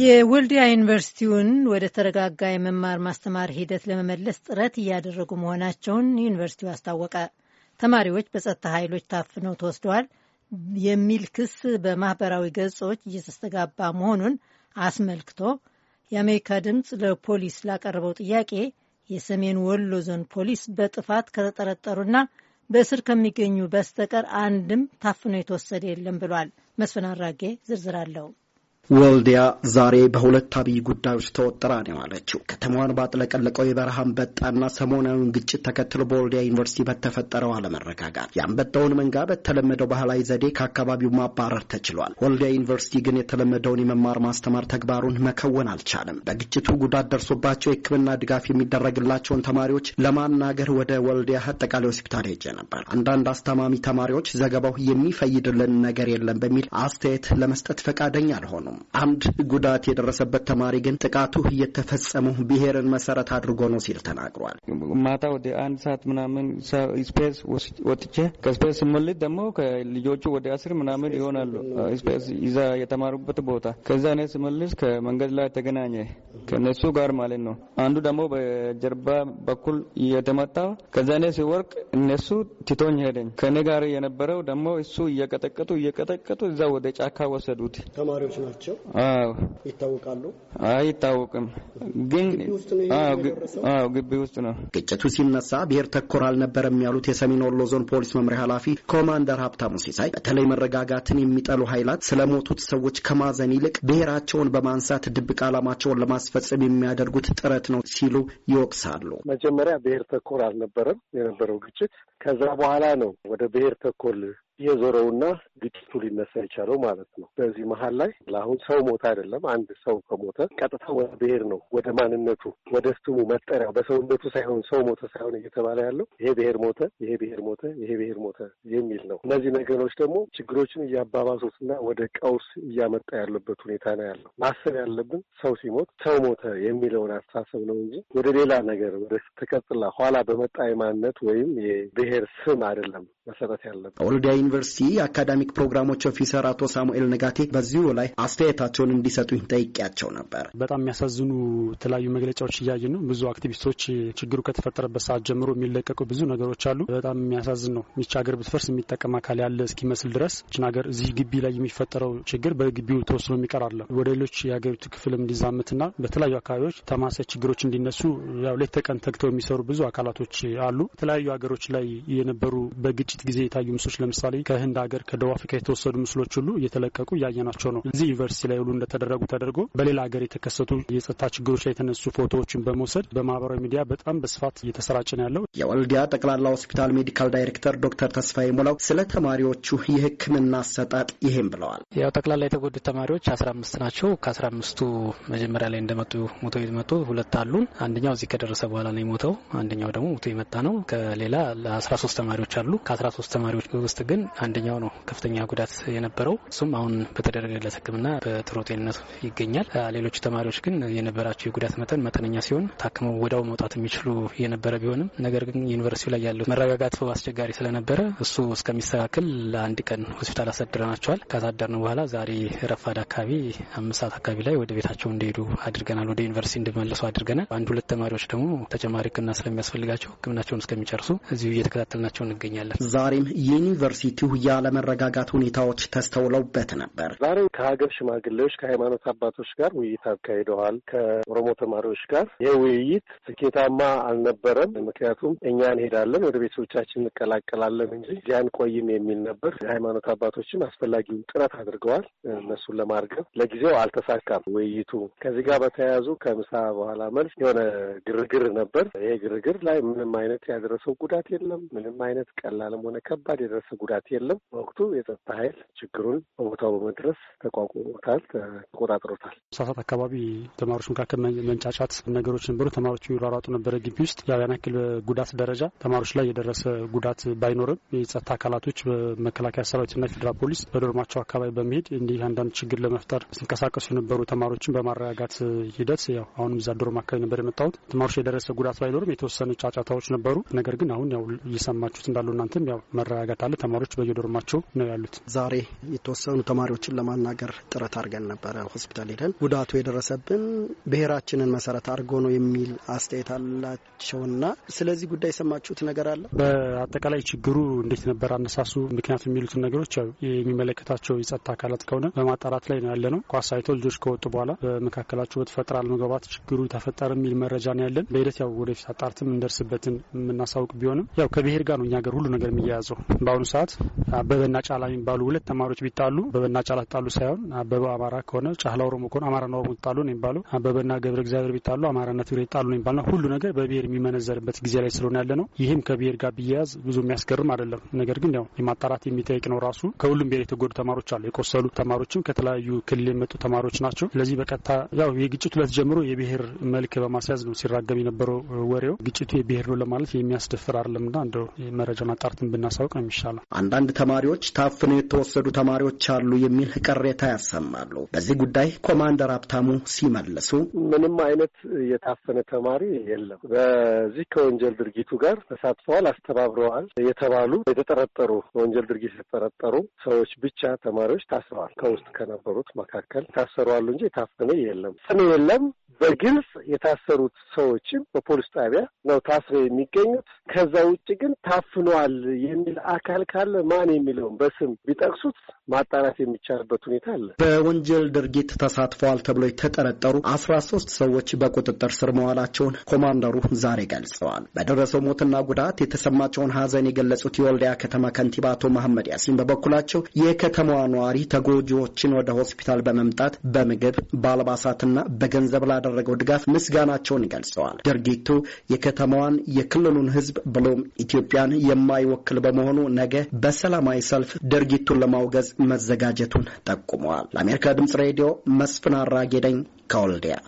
የወልዲያ ዩኒቨርሲቲውን ወደ ተረጋጋ የመማር ማስተማር ሂደት ለመመለስ ጥረት እያደረጉ መሆናቸውን ዩኒቨርሲቲው አስታወቀ። ተማሪዎች በጸጥታ ኃይሎች ታፍነው ተወስደዋል የሚል ክስ በማህበራዊ ገጾች እየተስተጋባ መሆኑን አስመልክቶ የአሜሪካ ድምፅ ለፖሊስ ላቀረበው ጥያቄ የሰሜን ወሎ ዞን ፖሊስ በጥፋት ከተጠረጠሩና በእስር ከሚገኙ በስተቀር አንድም ታፍኖ የተወሰደ የለም ብሏል። መስፍን አራጌ ዝርዝር አለው። ወልዲያ ዛሬ በሁለት አብይ ጉዳዮች ተወጥራ ነው ያለችው። ከተማዋን ባጥለቀለቀው የበረሃ አንበጣና ሰሞናዊውን ግጭት ተከትሎ በወልዲያ ዩኒቨርሲቲ በተፈጠረው አለመረጋጋት የአንበጣውን መንጋ በተለመደው ባህላዊ ዘዴ ከአካባቢው ማባረር ተችሏል። ወልዲያ ዩኒቨርሲቲ ግን የተለመደውን የመማር ማስተማር ተግባሩን መከወን አልቻለም። በግጭቱ ጉዳት ደርሶባቸው የሕክምና ድጋፍ የሚደረግላቸውን ተማሪዎች ለማናገር ወደ ወልዲያ አጠቃላይ ሆስፒታል ሄጄ ነበር። አንዳንድ አስተማሚ ተማሪዎች ዘገባው የሚፈይድልን ነገር የለም በሚል አስተያየት ለመስጠት ፈቃደኛ አልሆኑም። አንድ ጉዳት የደረሰበት ተማሪ ግን ጥቃቱ እየተፈጸመው ብሔርን መሰረት አድርጎ ነው ሲል ተናግሯል። ማታ ወደ አንድ ሰዓት ምናምን ስፔስ ወጥቼ ከስፔስ ስመልስ ደግሞ ከልጆቹ ወደ አስር ምናምን ይሆናሉ ስፔስ ይዛ የተማሩበት ቦታ ከዛ እኔ ስመልስ ከመንገድ ላይ ተገናኘ ከነሱ ጋር ማለት ነው። አንዱ ደግሞ በጀርባ በኩል የተመታው ከዛ እኔ ሲወርቅ እነሱ ትቶኝ ሄደኝ። ከእኔ ጋር የነበረው ደግሞ እሱ እየቀጠቀጡ እየቀጠቀጡ እዛ ወደ ጫካ ወሰዱት። ተማሪዎች ናቸው ናቸው ይታወቃሉ? አይታወቅም። ግን ግቢ ውስጥ ነው ግጭቱ ሲነሳ ብሔር ተኮር አልነበረም ያሉት የሰሜን ወሎ ዞን ፖሊስ መምሪያ ኃላፊ ኮማንደር ሀብታሙ ሲሳይ በተለይ መረጋጋትን የሚጠሉ ኃይላት ስለሞቱት ሰዎች ከማዘን ይልቅ ብሔራቸውን በማንሳት ድብቅ ዓላማቸውን ለማስፈጸም የሚያደርጉት ጥረት ነው ሲሉ ይወቅሳሉ። መጀመሪያ ብሔር ተኮር አልነበረም የነበረው ግጭት ከዛ በኋላ ነው ወደ ብሔር ተኮር የዞረውና ግጭቱ ሊነሳ የቻለው ማለት ነው። በዚህ መሀል ላይ ለአሁን ሰው ሞተ አይደለም። አንድ ሰው ከሞተ ቀጥታ ወደ ብሔር ነው ወደ ማንነቱ ወደ ስሙ መጠሪያው በሰውነቱ ሳይሆን ሰው ሞተ ሳይሆን እየተባለ ያለው ይሄ ብሔር ሞተ፣ ይሄ ብሔር ሞተ፣ ይሄ ብሔር ሞተ የሚል ነው። እነዚህ ነገሮች ደግሞ ችግሮችን እያባባሱትና ወደ ቀውስ እያመጣ ያለበት ሁኔታ ነው ያለው። ማሰብ ያለብን ሰው ሲሞት ሰው ሞተ የሚለውን አስተሳሰብ ነው እንጂ ወደ ሌላ ነገር ወደ ተቀጥላ ኋላ በመጣ የማንነት ወይም የብሔር ስም አይደለም መሰረት ያለብን። ወልዲያ ዩኒቨርሲቲ የአካዳሚክ ፕሮግራሞች ኦፊሰር አቶ ሳሙኤል ነጋቴ በዚሁ ላይ አስተያየታቸውን እንዲሰጡኝ ጠይቄያቸው ነበር። በጣም የሚያሳዝኑ የተለያዩ መግለጫዎች እያየን ነው። ብዙ አክቲቪስቶች ችግሩ ከተፈጠረበት ሰዓት ጀምሮ የሚለቀቁ ብዙ ነገሮች አሉ። በጣም የሚያሳዝን ነው። ሚቻገር ብትፈርስ የሚ የሚጠቀም አካል ያለ እስኪመስል ድረስ ችን ሀገር እዚህ ግቢ ላይ የሚፈጠረው ችግር በግቢው ተወስኖ የሚቀር አለ። ወደ ሌሎች የሀገሪቱ ክፍልም እንዲዛምትና በተለያዩ አካባቢዎች ተማሳይ ችግሮች እንዲነሱ ያው ሌት ተቀን ተግተው የሚሰሩ ብዙ አካላቶች አሉ። የተለያዩ ሀገሮች ላይ የነበሩ በግጭት ጊዜ የታዩ ምስሎች ለምሳሌ ከህንድ ሀገር ከደቡብ አፍሪካ የተወሰዱ ምስሎች ሁሉ እየተለቀቁ እያየናቸው ነው። እዚህ ዩኒቨርሲቲ ላይ ሁሉ እንደተደረጉ ተደርጎ በሌላ ሀገር የተከሰቱ የጸጥታ ችግሮች ላይ የተነሱ ፎቶዎችን በመውሰድ በማህበራዊ ሚዲያ በጣም በስፋት እየተሰራጨ ነው ያለው። የወልዲያ ጠቅላላ ሆስፒታል ሜዲካል ዳይሬክተር ዶክተር ተስፋዬ ሙላው ስለ ተማሪዎቹ የሕክምና አሰጣጥ ይህም ብለዋል። ያው ጠቅላላ የተጎዱት ተማሪዎች አስራ አምስት ናቸው። ከአስራ አምስቱ መጀመሪያ ላይ እንደመጡ ሞቶ የመጡ ሁለት አሉን። አንደኛው እዚህ ከደረሰ በኋላ ነው የሞተው። አንደኛው ደግሞ ሞቶ የመጣ ነው። ከሌላ ለአስራ ሶስት ተማሪዎች አሉ። ከአስራ ሶስት ተማሪዎች ውስጥ ግን አንደኛው ነው ከፍተኛ ጉዳት የነበረው። እሱም አሁን በተደረገለት ሕክምና በጥሩ ጤንነት ይገኛል። ሌሎቹ ተማሪዎች ግን የነበራቸው የጉዳት መጠን መጠነኛ ሲሆን ታክመው ወዳው መውጣት የሚችሉ የነበረ ቢሆንም ነገር ግን ዩኒቨርሲቲ ላይ ያለው መረጋጋት አስቸጋሪ ስለነበረ እሱ እስከሚስተካከል ለአንድ ቀን ሆስፒታል አሳድረናቸዋል። ካሳደርነው በኋላ ዛሬ ረፋድ አካባቢ አምስት ሰዓት አካባቢ ላይ ወደ ቤታቸው እንዲሄዱ አድርገናል። ወደ ዩኒቨርሲቲ እንዲመለሱ አድርገናል። አንድ ሁለት ተማሪዎች ደግሞ ተጨማሪ ሕክምና ስለሚያስፈልጋቸው ሕክምናቸውን እስከሚጨርሱ እዚሁ እየተከታተልናቸው እንገኛለን። ዛሬም ዩኒቨርሲቲው ያለመረጋጋት ሁኔታዎች ተስተውለውበት ነበር። ዛሬ ከሀገር ሽማግሌዎች ከሃይማኖት አባቶች ጋር ውይይት አካሂደዋል። ከኦሮሞ ተማሪዎች ጋር ይህ ውይይት ስኬታማ አልነበረም። ምክንያቱም እኛ እንሄዳለን ወደ ቤተሰቦቻችን እንቀላቀላለን እንጂ ያን አንቆይም የሚል ነበር። የሃይማኖት አባቶችም አስፈላጊውን ጥረት አድርገዋል። እነሱን ለማርገብ ለጊዜው አልተሳካም ውይይቱ። ከዚህ ጋር በተያያዙ ከምሳ በኋላ መልስ የሆነ ግርግር ነበር። ይሄ ግርግር ላይ ምንም አይነት ያደረሰው ጉዳት የለም። ምንም አይነት ቀላልም ሆነ ከባድ የደረሰ ጉዳት የለም። በወቅቱ የጸጥታ ኃይል ችግሩን በቦታው በመድረስ ተቋቁሞታል፣ ተቆጣጥሮታል። ሳሳት አካባቢ ተማሪዎች መካከል መንጫጫት ነገሮች ነበሩ። ተማሪዎች ይሯሯጡ ነበረ ግቢ ውስጥ ያው ያን ያክል ጉዳት ደረጃ ተማሪዎች ላይ የደረሰ ጉዳት ባይኖርም የጸጥታ አካላቶች በመከላከያ ሰራዊትና የፌዴራል ፖሊስ በዶርማቸው አካባቢ በመሄድ እንዲህ አንዳንድ ችግር ለመፍጠር ሲንቀሳቀሱ የነበሩ ተማሪዎችን በማረጋጋት ሂደት ያው አሁንም እዛ ዶርም አካባቢ ነበር የመጣሁት። ተማሪዎች የደረሰ ጉዳት ባይኖርም የተወሰኑ ጫጫታዎች ነበሩ። ነገር ግን አሁን ያው እየሰማችሁት እንዳለው እናንተም ያው መረጋጋት አለ። ተማሪዎች በየዶርማቸው ነው ያሉት። ዛሬ የተወሰኑ ተማሪዎችን ለማናገር ጥረት አድርገን ነበረ። ሆስፒታል ሄደን ጉዳቱ የደረሰብን ብሔራችንን መሰረት አድርጎ ነው የሚል አስተያየት አላቸውና ስለዚህ ጉዳይ የሰማችሁት ነገር አለ። በአጠቃላይ ችግሩ እንዴት ነበር? ነበር አነሳሱ ምክንያት የሚሉትን ነገሮች ያው የሚመለከታቸው የጸጥታ አካላት ከሆነ በማጣራት ላይ ነው ያለ ነው። ኳስ አይቶ ልጆች ከወጡ በኋላ በመካከላቸው በተፈጠረ አለመግባባት ችግሩ ተፈጠረ የሚል መረጃ ነው ያለን። በሂደት ያው ወደፊት አጣርትም እንደርስበትን የምናሳውቅ ቢሆንም ያው ከብሄር ጋር ነው እኛ ሀገር ሁሉ ነገር የሚያያዘው። በአሁኑ ሰዓት አበበና ጫላ የሚባሉ ሁለት ተማሪዎች ቢጣሉ አበበና ጫላ ተጣሉ ሳይሆን አበበ አማራ ከሆነ ጫላ ኦሮሞ ከሆነ አማራና ኦሮሞ ተጣሉ ነው የሚባሉ አበበና ገብረ እግዚአብሔር ቢጣሉ አማራና ትግሬ ተጣሉ ነው የሚባለው። ሁሉ ነገር በብሄር የሚመነዘርበት ጊዜ ላይ ስለሆነ ያለ ነው። ይህም ከብሄር ጋር ቢያያዝ ብዙ የሚያስገርም አይደለም ነገር ግን ያው የማጣራት የሚጠይቅ ነው ራሱ። ከሁሉም ብሔር የተጎዱ ተማሪዎች አሉ። የቆሰሉ ተማሪዎችም ከተለያዩ ክልል የመጡ ተማሪዎች ናቸው። ስለዚህ በቀጥታ ያው የግጭቱ ዕለት ጀምሮ የብሔር መልክ በማስያዝ ነው ሲራገብ የነበረው ወሬው። ግጭቱ የብሔር ነው ለማለት የሚያስደፍር አይደለም እና እንደው መረጃውን አጣርተን ብናሳውቅ ነው የሚሻለው። አንዳንድ ተማሪዎች ታፍነው የተወሰዱ ተማሪዎች አሉ የሚል ቅሬታ ያሰማሉ። በዚህ ጉዳይ ኮማንደር ሀብታሙ ሲመልሱ ምንም አይነት የታፈነ ተማሪ የለም። በዚህ ከወንጀል ድርጊቱ ጋር ተሳትፈዋል፣ አስተባብረዋል የተባሉ የተጠረ የተጠረጠሩ በወንጀል ድርጊት የተጠረጠሩ ሰዎች ብቻ ተማሪዎች ታስረዋል። ከውስጥ ከነበሩት መካከል ታሰረዋሉ እንጂ የታፈነ የለም። ስም የለም። በግልጽ የታሰሩት ሰዎችም በፖሊስ ጣቢያ ነው ታስረው የሚገኙት። ከዛ ውጭ ግን ታፍነዋል የሚል አካል ካለ ማን የሚለውን በስም ቢጠቅሱት ማጣራት የሚቻልበት ሁኔታ አለ። በወንጀል ድርጊት ተሳትፈዋል ተብሎ የተጠረጠሩ አስራ ሶስት ሰዎች በቁጥጥር ስር መዋላቸውን ኮማንደሩ ዛሬ ገልጸዋል። በደረሰው ሞትና ጉዳት የተሰማቸውን ሀዘን የገለጹት የወልዲያ ከተማ ከንቲባ አቶ መሐመድ ያሲን በበኩላቸው የከተማዋ ነዋሪ ተጎጂዎችን ወደ ሆስፒታል በመምጣት በምግብ በአልባሳትና በገንዘብ ላደረገው ድጋፍ ምስጋናቸውን ገልጸዋል። ድርጊቱ የከተማዋን የክልሉን ሕዝብ ብሎም ኢትዮጵያን የማይወክል በመሆኑ ነገ በሰላማዊ ሰልፍ ድርጊቱን ለማውገዝ መዘጋጀቱን ጠቁመዋል። ለአሜሪካ ድምጽ ሬዲዮ መስፍን አራጌ ነኝ ከወልዲያ